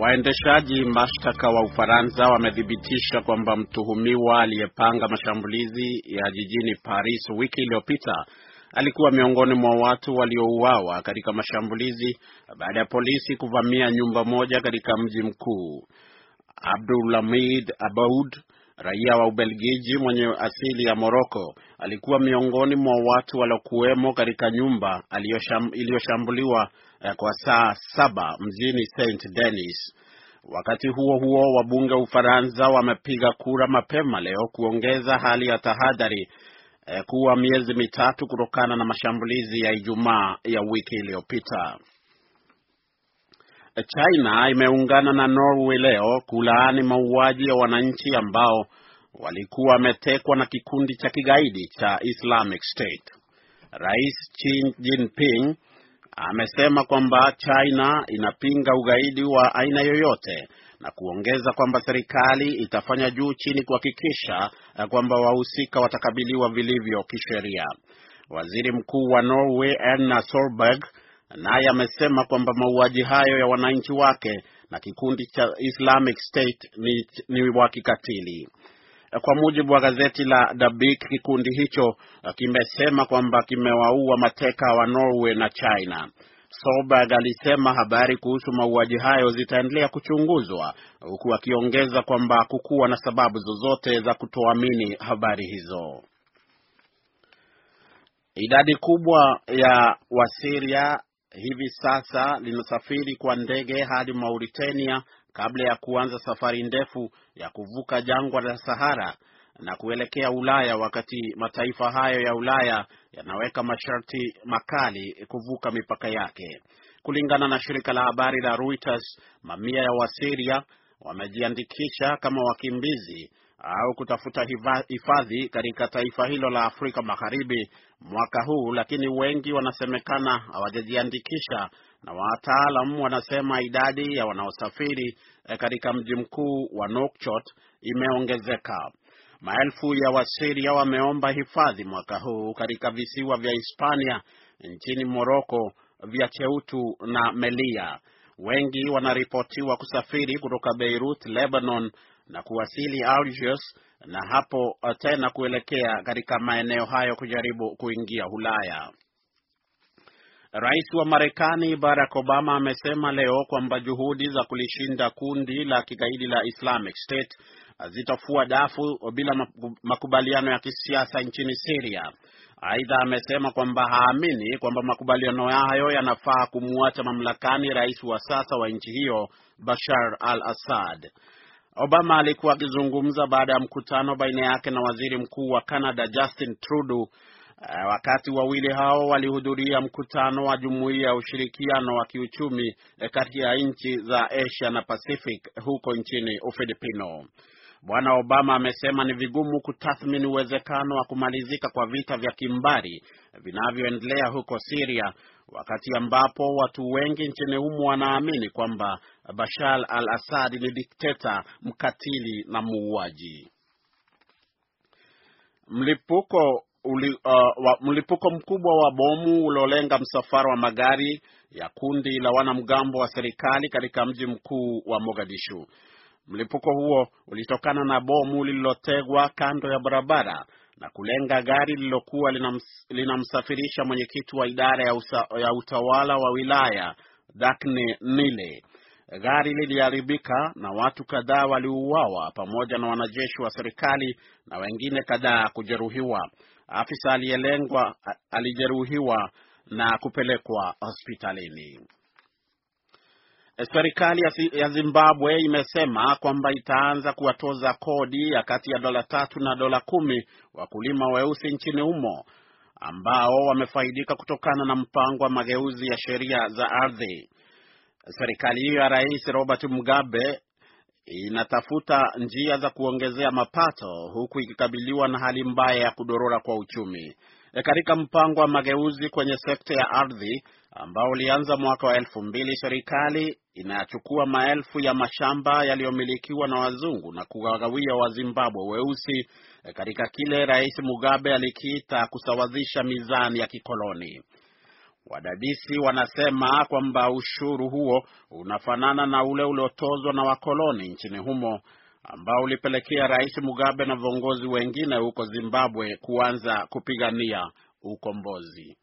Waendeshaji mashtaka wa Ufaransa wamethibitisha kwamba mtuhumiwa aliyepanga mashambulizi ya jijini Paris wiki iliyopita alikuwa miongoni mwa watu waliouawa katika mashambulizi baada ya polisi kuvamia nyumba moja katika mji mkuu. Abdulhamid Abaud raia wa Ubelgiji mwenye asili ya Moroko alikuwa miongoni mwa watu waliokuwemo katika nyumba iliyoshambuliwa eh, kwa saa saba mjini St Denis. Wakati huo huo, wabunge wa Ufaransa wamepiga kura mapema leo kuongeza hali ya tahadhari eh, kuwa miezi mitatu kutokana na mashambulizi ya Ijumaa ya wiki iliyopita. China imeungana na Norway leo kulaani mauaji ya wananchi ambao walikuwa wametekwa na kikundi cha kigaidi cha Islamic State. Rais Xi Jinping amesema kwamba China inapinga ugaidi wa aina yoyote na kuongeza kwamba serikali itafanya juu chini kuhakikisha kwamba wahusika watakabiliwa vilivyo kisheria. Waziri Mkuu wa Norway Erna Solberg naye amesema kwamba mauaji hayo ya wananchi wake na kikundi cha Islamic State ni, ni wa kikatili. Kwa mujibu wa gazeti la Dabik, kikundi hicho kimesema kwamba kimewaua mateka wa Norway na China. Solberg alisema habari kuhusu mauaji hayo zitaendelea kuchunguzwa huku akiongeza kwamba hakukuwa na sababu zozote za kutoamini habari hizo. Idadi kubwa ya Wasiria hivi sasa linasafiri kwa ndege hadi Mauritania kabla ya kuanza safari ndefu ya kuvuka jangwa la Sahara na kuelekea Ulaya, wakati mataifa hayo ya Ulaya yanaweka masharti makali kuvuka mipaka yake. Kulingana na shirika la habari la Reuters, mamia ya Wasiria wamejiandikisha kama wakimbizi au kutafuta hifadhi katika taifa hilo la Afrika Magharibi mwaka huu, lakini wengi wanasemekana hawajajiandikisha, na wataalam wanasema idadi ya wanaosafiri eh, katika mji mkuu wa Nouakchott imeongezeka. Maelfu ya Wasiria wameomba hifadhi mwaka huu katika visiwa vya Hispania nchini Moroko vya Cheutu na Melia. Wengi wanaripotiwa kusafiri kutoka Beirut, Lebanon na kuwasili Algiers na hapo uh, tena kuelekea katika maeneo hayo kujaribu kuingia Ulaya. Rais wa Marekani Barack Obama amesema leo kwamba juhudi za kulishinda kundi la kigaidi la Islamic State uh, zitafua dafu bila makubaliano ya kisiasa nchini Syria. Aidha, amesema kwamba haamini kwamba makubaliano hayo yanafaa kumwacha mamlakani rais wa sasa wa nchi hiyo Bashar al-Assad. Obama alikuwa akizungumza baada ya mkutano baina yake na waziri mkuu wa Canada Justin Trudeau. Eh, wakati wawili hao walihudhuria mkutano wa jumuiya ya ushirikiano wa kiuchumi eh, kati ya nchi za Asia na Pacific huko nchini Ufilipino. Bwana Obama amesema ni vigumu kutathmini uwezekano wa kumalizika kwa vita vya kimbari vinavyoendelea huko Siria, wakati ambapo watu wengi nchini humo wanaamini kwamba Bashar al-Assad ni dikteta mkatili na muuaji. Mlipuko Uli, uh, wa, mlipuko mkubwa wa bomu uliolenga msafara wa magari ya kundi la wanamgambo wa serikali katika mji mkuu wa Mogadishu. Mlipuko huo ulitokana na bomu lililotegwa kando ya barabara na kulenga gari lililokuwa linamsafirisha mwenyekiti wa idara ya, usa, ya utawala wa wilaya Dakne Nile. Gari liliharibika na watu kadhaa waliuawa pamoja na wanajeshi wa serikali na wengine kadhaa kujeruhiwa. Afisa aliyelengwa alijeruhiwa na kupelekwa hospitalini. Eh, serikali ya Zimbabwe imesema kwamba itaanza kuwatoza kodi ya kati ya dola tatu na dola kumi wakulima weusi nchini humo ambao wamefaidika kutokana na mpango wa mageuzi ya sheria za ardhi. Serikali hiyo ya Rais Robert Mugabe inatafuta njia za kuongezea mapato huku ikikabiliwa na hali mbaya ya kudorora kwa uchumi e, katika mpango wa mageuzi kwenye sekta ya ardhi ambao ulianza mwaka wa elfu mbili, serikali inachukua maelfu ya mashamba yaliyomilikiwa na wazungu na kuwagawia Wazimbabwe weusi e, katika kile Rais Mugabe alikiita kusawazisha mizani ya kikoloni. Wadadisi wanasema kwamba ushuru huo unafanana na ule uliotozwa na wakoloni nchini humo ambao ulipelekea Rais Mugabe na viongozi wengine huko Zimbabwe kuanza kupigania ukombozi.